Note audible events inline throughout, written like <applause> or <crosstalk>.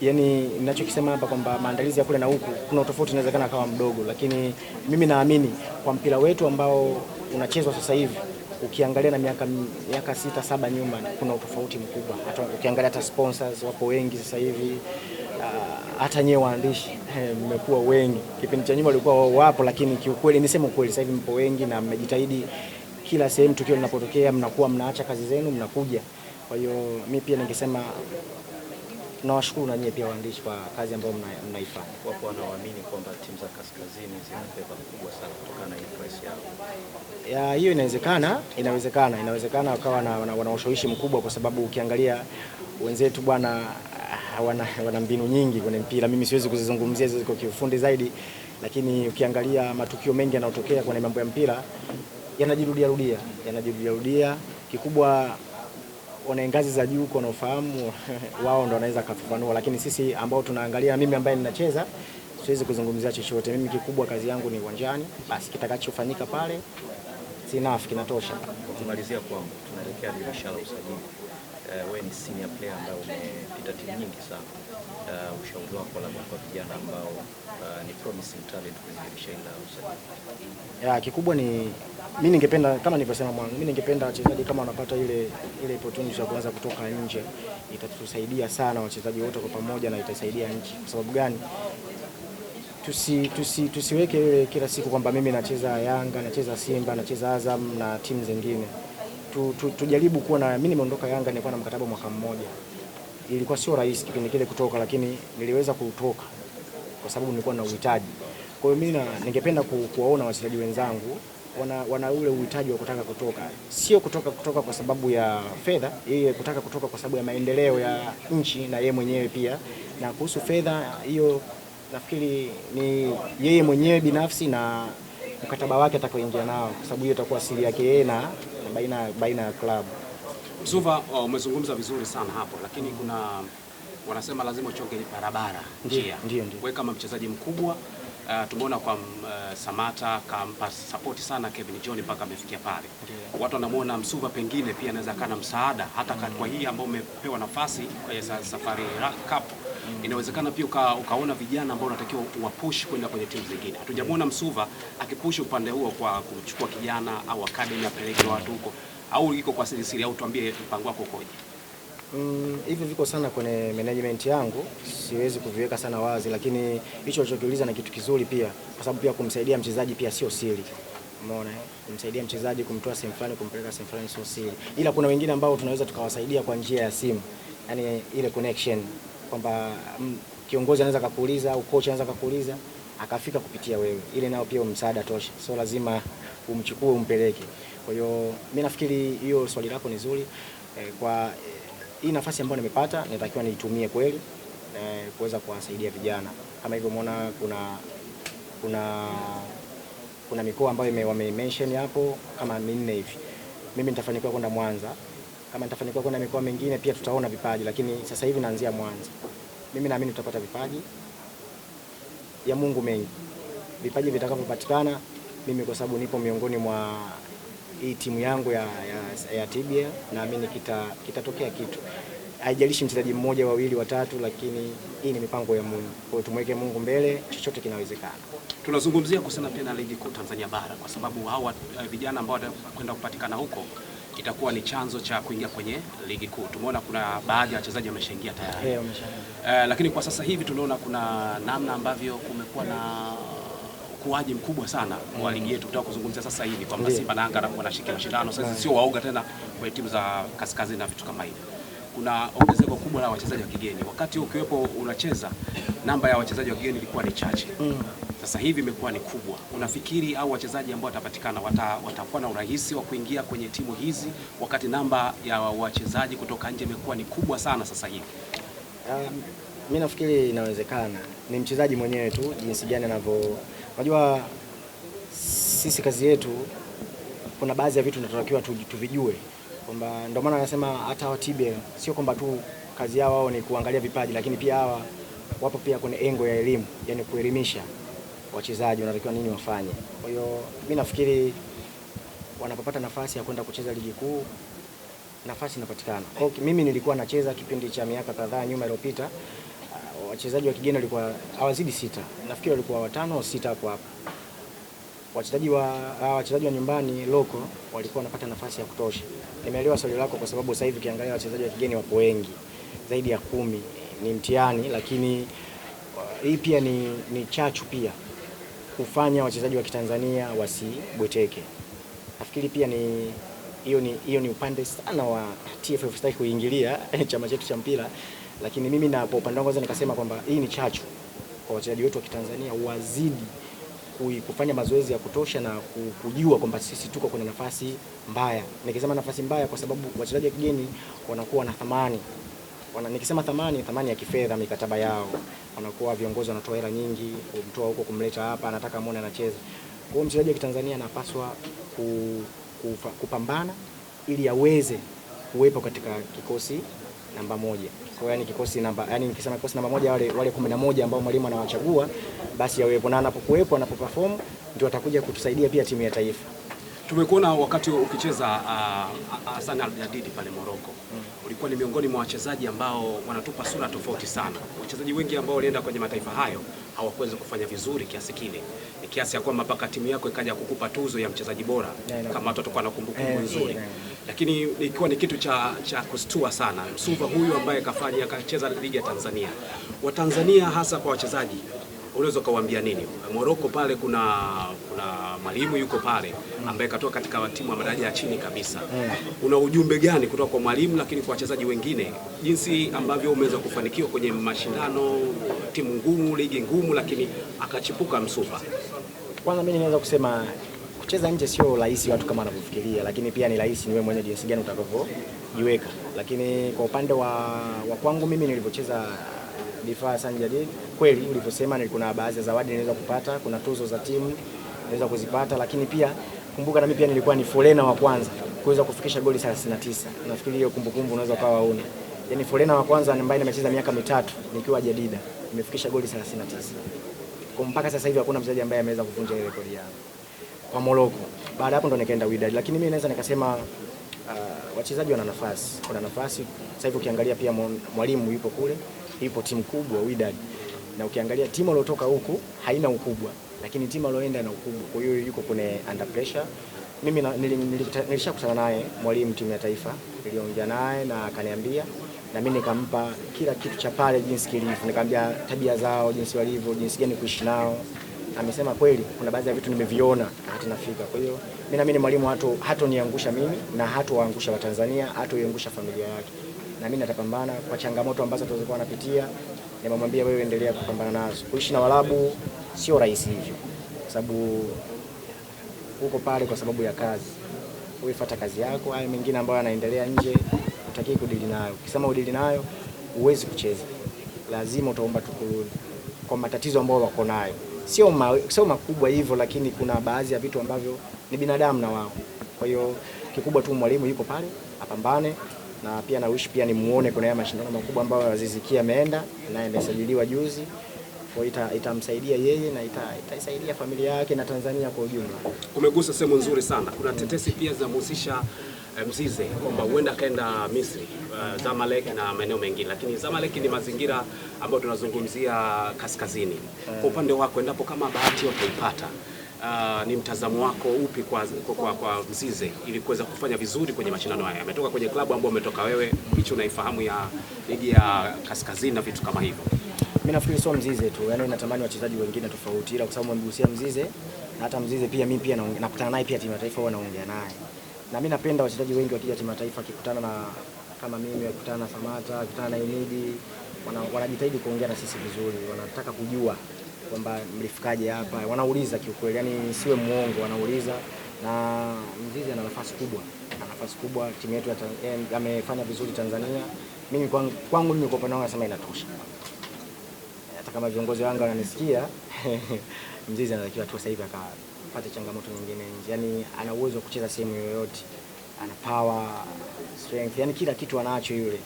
yani ninachokisema hapa kwamba maandalizi ya kule na huku kuna utofauti, inawezekana kawa mdogo, lakini mimi naamini kwa mpira wetu ambao unachezwa sasa hivi ukiangalia na miaka miaka sita saba nyuma kuna utofauti mkubwa. Hata ukiangalia hata sponsors wapo wengi sasa hivi, ah, hata nyewe waandishi eh, mmekuwa wengi. Kipindi cha nyuma walikuwa wapo, lakini kiukweli niseme ukweli, sasa hivi mpo wengi na mmejitahidi kila sehemu tukio linapotokea mnakuwa mnaacha kazi zenu mnakuja. Kwa hiyo mi pia ningesema tunawashukuru na nyie pia waandishi kwa kazi ambayo mnaifanya. Wapo wanaoamini kwamba timu za kaskazini zinabeba kubwa sana kutokana na press yao. Ya, hiyo inawezekana, inawezekana, inawezekana wakawa na wana ushawishi mkubwa kwa sababu ukiangalia wenzetu bwana wana, wana mbinu nyingi kwenye mpira. Mimi siwezi kuzizungumzia hizo ziko kiufundi zaidi, lakini ukiangalia matukio mengi yanayotokea kwenye mambo ya mpira yanajirudia rudia, yanajirudia rudia. Kikubwa wana ngazi za juu huko wanaofahamu <laughs> wao ndo wanaweza kufafanua, lakini sisi ambao tunaangalia, mimi ambaye ninacheza siwezi kuzungumzia chochote. Mimi kikubwa kazi yangu ni uwanjani, basi kitakachofanyika pale sinafu kinatosha. Kumalizia kwangu, tunaelekea dirisha la usajili uh, wewe ni senior player ambaye umepita timu nyingi sana uh, ushauri wako labda kwa vijana ambao uh, ni promising talent kuzidirisha ila usajili? Ya, kikubwa ni mimi ningependa kama nilivyosema mwanzo, mimi ningependa wachezaji kama wanapata ile ile opportunity ya kuanza kutoka nje, itatusaidia sana wachezaji wote kwa pamoja na itasaidia nchi. Kwa sababu gani? Tusi, tusi, tusiweke ile kila siku kwamba mimi nacheza Yanga, nacheza Simba, nacheza Azam na timu zingine tu, tu, tujaribu kuwa na mimi nimeondoka Yanga nilikuwa na mkataba mwaka mmoja. Ilikuwa sio rahisi kipindi kile kutoka, lakini niliweza kutoka kwa sababu nilikuwa na uhitaji. Kwa hiyo mimi ningependa ku, kuwaona wachezaji wenzangu wana, wana ule uhitaji wa kutaka kutoka, sio kutoka kutoka kwa sababu ya fedha, yeye kutaka kutoka kwa sababu ya maendeleo ya nchi na yeye mwenyewe pia. Na kuhusu fedha hiyo, nafikiri ni yeye mwenyewe binafsi na mkataba wake atakaoingia nao, kwa sababu hiyo itakuwa siri yake yeye na baina baina ya club. Msuva, oh, umezungumza oh, vizuri sana hapo, lakini kuna wanasema lazima uchonge barabara njia. Wewe kama mchezaji mkubwa uh, tumeona kwa uh, mm, eh, Samata kampa support sana Kevin John mpaka amefikia pale. Watu wanamuona Msuva pengine pia anaweza kana msaada hata kwa mm. hii ambayo umepewa nafasi kwa safari Cup inawezekana pia uka, ukaona vijana ambao unatakiwa uwapush kwenda kwenye timu zingine. Hatujamwona Msuva akipush upande huo kwa kumchukua kijana au academy apeleke watu huko, au iko kwa siri siri, au tuambie mpango wako ukoje? Mm, hivi viko sana kwenye management yangu, siwezi kuviweka sana wazi, lakini hicho ulichokiuliza na kitu kizuri pia, kwa sababu pia kumsaidia mchezaji pia sio siri. Umeona, eh? kumsaidia mchezaji kumtoa sehemu fulani kumpeleka sehemu fulani sio siri, ila kuna wengine ambao tunaweza tukawasaidia kwa njia ya simu, yani ile connection kwamba mm, kiongozi anaweza akakuuliza au kocha anaweza akakuuliza akafika kupitia wewe, ile nayo pia msaada tosha, so lazima umchukue umpeleke. Kwa hiyo mimi nafikiri hiyo swali lako ni zuri e, kwa e, hii nafasi ambayo nimepata natakiwa niitumie kweli e, kuweza kuwasaidia vijana kama hivyo umeona kuna kuna kuna mikoa ambayo wame mention hapo kama minne hivi. Mimi nitafanikiwa kwenda Mwanza. Kama nitafanikiwa kwenda mikoa mingine pia tutaona vipaji, lakini sasa hivi naanzia Mwanza. Mimi naamini tutapata vipaji ya Mungu mengi, vipaji vitakavyopatikana. Mimi kwa sababu nipo miongoni mwa hii timu yangu ya, ya, ya Tibia, naamini kitatokea kitu haijalishi mchezaji mmoja wawili watatu, lakini hii ni mipango ya Mungu. Kwa hiyo tumweke Mungu mbele, chochote kinawezekana. Tunazungumzia kuhusiana pia na ligi kuu Tanzania bara, kwa sababu hao eh, vijana ambao watakwenda kupatikana huko itakuwa ni chanzo cha kuingia kwenye ligi kuu. Tumeona kuna baadhi ya wachezaji wameshaingia tayari. hey, Uh, lakini kwa sasa hivi tunaona kuna namna ambavyo kumekuwa na ukuaji mkubwa sana mm. wa ligi yetu. Tutaka kuzungumzia sasa hivi kwamba Simba na Yanga wanashiriki mashindano sasa, sio waoga tena kwenye timu za kaskazini na vitu kama hivyo. Kuna ongezeko kubwa la wachezaji wa kigeni, wakati ukiwepo unacheza, namba ya wachezaji wa kigeni ilikuwa ni chache mm sasa hivi imekuwa ni kubwa. Unafikiri au wachezaji ambao watapatikana watakuwa na urahisi wa kuingia kwenye timu hizi wakati namba ya wachezaji kutoka nje imekuwa ni kubwa sana sasa hivi? Um, mimi nafikiri inawezekana, ni mchezaji mwenyewe tu jinsi gani anavyo. Unajua sisi kazi yetu kuna baadhi ya vitu tunatakiwa tuvijue, kwamba ndio maana anasema hata watibe, sio kwamba tu kazi yao wao ni kuangalia vipaji, lakini pia hawa wapo pia kwenye engo ya elimu, yani kuelimisha wachezaji wanatakiwa nini wafanye. Kwa hiyo mimi nafikiri wanapopata nafasi ya kwenda kucheza ligi kuu nafasi inapatikana. Kwa hiyo mimi nilikuwa nacheza kipindi cha miaka kadhaa nyuma iliyopita, uh, wachezaji wa kigeni walikuwa hawazidi sita, nafikiri walikuwa watano au sita hapo hapo. Wachezaji wa uh, wachezaji wa nyumbani loko walikuwa wanapata nafasi ya kutosha. Nimeelewa swali lako, kwa sababu sasa hivi ukiangalia wachezaji wa kigeni wapo wengi zaidi ya kumi. Ni mtihani, lakini hii uh, pia ni, ni chachu pia kufanya wachezaji wa Kitanzania wasibweteke. Nafikiri pia ni hiyo ni, hiyo ni upande sana wa TFF, sitaki kuingilia <laughs> chama chetu cha mpira, lakini mimi na kwa upande wangu naweza nikasema kwamba hii ni chachu kwa wachezaji wetu wa Kitanzania wazidi kufanya mazoezi ya kutosha na kujua kwamba sisi tuko kwenye nafasi mbaya. Nikisema nafasi mbaya, kwa sababu wachezaji wa kigeni wanakuwa na thamani wana, nikisema thamani thamani ya kifedha, mikataba yao, wanakuwa viongozi wanatoa hela nyingi kumtoa huko kumleta hapa, anataka muone anacheza. Kwa hiyo mchezaji wa Kitanzania anapaswa ku, ku, kupambana ili aweze kuwepo katika kikosi namba moja. Kwa hiyo yani kikosi namba yani nikisema kikosi namba moja wale wale 11 ambao mwalimu anawachagua basi yawepo, na anapokuwepo anapoperform ndio atakuja kutusaidia pia timu ya taifa. Tumekuona wakati ukicheza Hassan uh, Al Jadidi pale Morocco, ulikuwa ni miongoni mwa wachezaji ambao wanatupa sura tofauti sana. Wachezaji wengi ambao walienda kwenye mataifa hayo hawakuweza kufanya vizuri kiasi kile, ni kiasi ya kwamba mpaka timu yako ikaja kukupa tuzo ya mchezaji bora, kama watu na kumbukumbu eh, nzuri, lakini ikiwa ni kitu cha, cha kustua sana. Msuva huyu ambaye kafanya akacheza ligi ya Tanzania, Watanzania hasa kwa wachezaji unaweza ukawaambia nini? Moroko pale kuna kuna mwalimu yuko pale ambaye katoka katika timu ya madaraja ya chini kabisa. Hmm. Una ujumbe gani kutoka kwa mwalimu, lakini kwa wachezaji wengine, jinsi ambavyo umeweza kufanikiwa kwenye mashindano, timu ngumu, ligi ngumu, lakini akachipuka Msupa? Kwanza mimi naweza kusema kucheza nje sio rahisi watu kama wanavyofikiria, lakini pia ni rahisi, ni wewe mwenyewe jinsi gani utakavyojiweka. Lakini kwa upande wa, wa kwangu mimi nilivyocheza Difaa Jadid, kweli ulivyosema, kuna baadhi ya zawadi niweza kupata, kuna tuzo za timu niweza kuzipata, lakini pia kumbuka, na mimi pia nilikuwa ni forena wa kwanza kuweza kufikisha goli 39. Nafikiri hiyo kumbukumbu unaweza ukawa una yaani, forena wa kwanza ambaye nimecheza miaka mitatu nikiwa Jadida nimefikisha goli 39. Kwa mpaka sasa hivi hakuna mchezaji ambaye ameweza kuvunja ile rekodi yangu kwa Moroko. Baada hapo ndo nikaenda Wydad, lakini mimi naweza nikasema uh, wachezaji wana nafasi, kuna nafasi sasa hivi. Ukiangalia pia mwalimu yupo kule ipo timu kubwa Wydad, na ukiangalia timu aliyotoka huku haina ukubwa, lakini timu aliyoenda na ukubwa. Kwa hiyo yuko kwenye under pressure. Mimi nilishakutana naye mwalimu timu ya taifa, niliongea naye na akaniambia, na mimi nikampa kila kitu cha pale jinsi kilivyo, nikamwambia tabia zao jinsi walivyo, jinsi gani kuishi nao. Amesema kweli kuna baadhi ya vitu nimeviona hata nafika. Kwa hiyo mimi naamini mwalimu hatoniangusha mimi na hatowaangusha Watanzania, hatoiangusha familia yake na mimi natapambana kwa changamoto ambazo tulizokuwa napitia. Nimemwambia wewe endelea kupambana nazo. Kuishi na Waarabu sio rahisi hivyo, kwa sababu uko pale kwa sababu ya kazi, uifata kazi yako. Hayo mengine ambayo yanaendelea nje utaki kudili nayo, ukisema udili nayo huwezi kucheza, lazima utaomba tukurudi kwa matatizo ambayo wako nayo sio ma, sio makubwa hivyo, lakini kuna baadhi ya vitu ambavyo ni binadamu na wao. Kwa hiyo kikubwa tu mwalimu yuko pale apambane na pia na wish pia muone kuna mashindano makubwa ambayo Azizikia ameenda na amesajiliwa juzi, kwa ita itamsaidia yeye na ita, itaisaidia familia yake na Tanzania kwa ujumla. Umegusa sehemu nzuri sana. Kuna tetesi pia zinamhusisha eh, Mzize kwamba huenda akaenda Misri, uh, Zamalek na maeneo mengine, lakini Zamalek ni mazingira ambayo tunazungumzia kaskazini. Kwa upande wako, endapo kama bahati wataipata Uh, ni mtazamo wako upi kwa, kwa, kwa Mzize ili kuweza kufanya vizuri kwenye mashindano haya? Ametoka kwenye klabu ambayo umetoka wewe, hicho unaifahamu ya ligi ya kaskazini na vitu kama hivyo. Mimi nafikiri sio Mzize tu, yani natamani wachezaji wengine tofauti, ila kwa sababu mmegusia Mzize na hata Mzize pia mimi pia nakutana naye pia timu ya taifa, huwa naongea naye na mimi napenda wachezaji wengi wakija timu ya taifa, akikutana na kama mimi, akikutana na Samata, akikutana na Inidi, wanajitahidi wana kuongea na sisi vizuri, wanataka kujua kwamba mlifikaje hapa, wanauliza kiukweli, yani siwe muongo, wanauliza na Mzizi ana nafasi kubwa, ana nafasi kubwa, timu yetu eh, amefanya vizuri Tanzania. Mimi kwangu, kwangu mimi kwa upande wangu nasema inatosha, hata kama viongozi wangu wananisikia <laughs> Mzizi anatakiwa tu sasa hivi akapate changamoto nyingine nje, yani ana uwezo wa kucheza sehemu yoyote, ana power, strength, yani kila kitu anacho yule.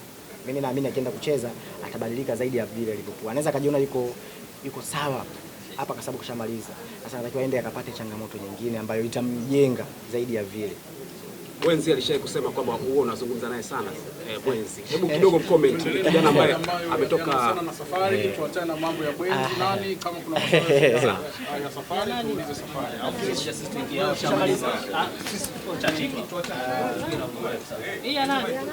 Mimi naamini akienda kucheza atabadilika zaidi ya vile alivyokuwa. Anaweza akajiona yuko yuko sawa hapa kwa sababu kushamaliza sasa, anatakiwa aende akapate changamoto nyingine ambayo itamjenga zaidi ya vile. Wenzi alishai kusema kwamba huo unazungumza naye sana eh, Mwenzi, eh, hebu eh. kidogo comment eh. kijana ambaye ametoka sana na safari. Tuachane na mambo ya ah. Wenzi nani kama kuna <laughs> maswali ya safari tuulize safari, au sisi sisi tuingie au shamaliza sisi tuachane, tuachane hii ya nani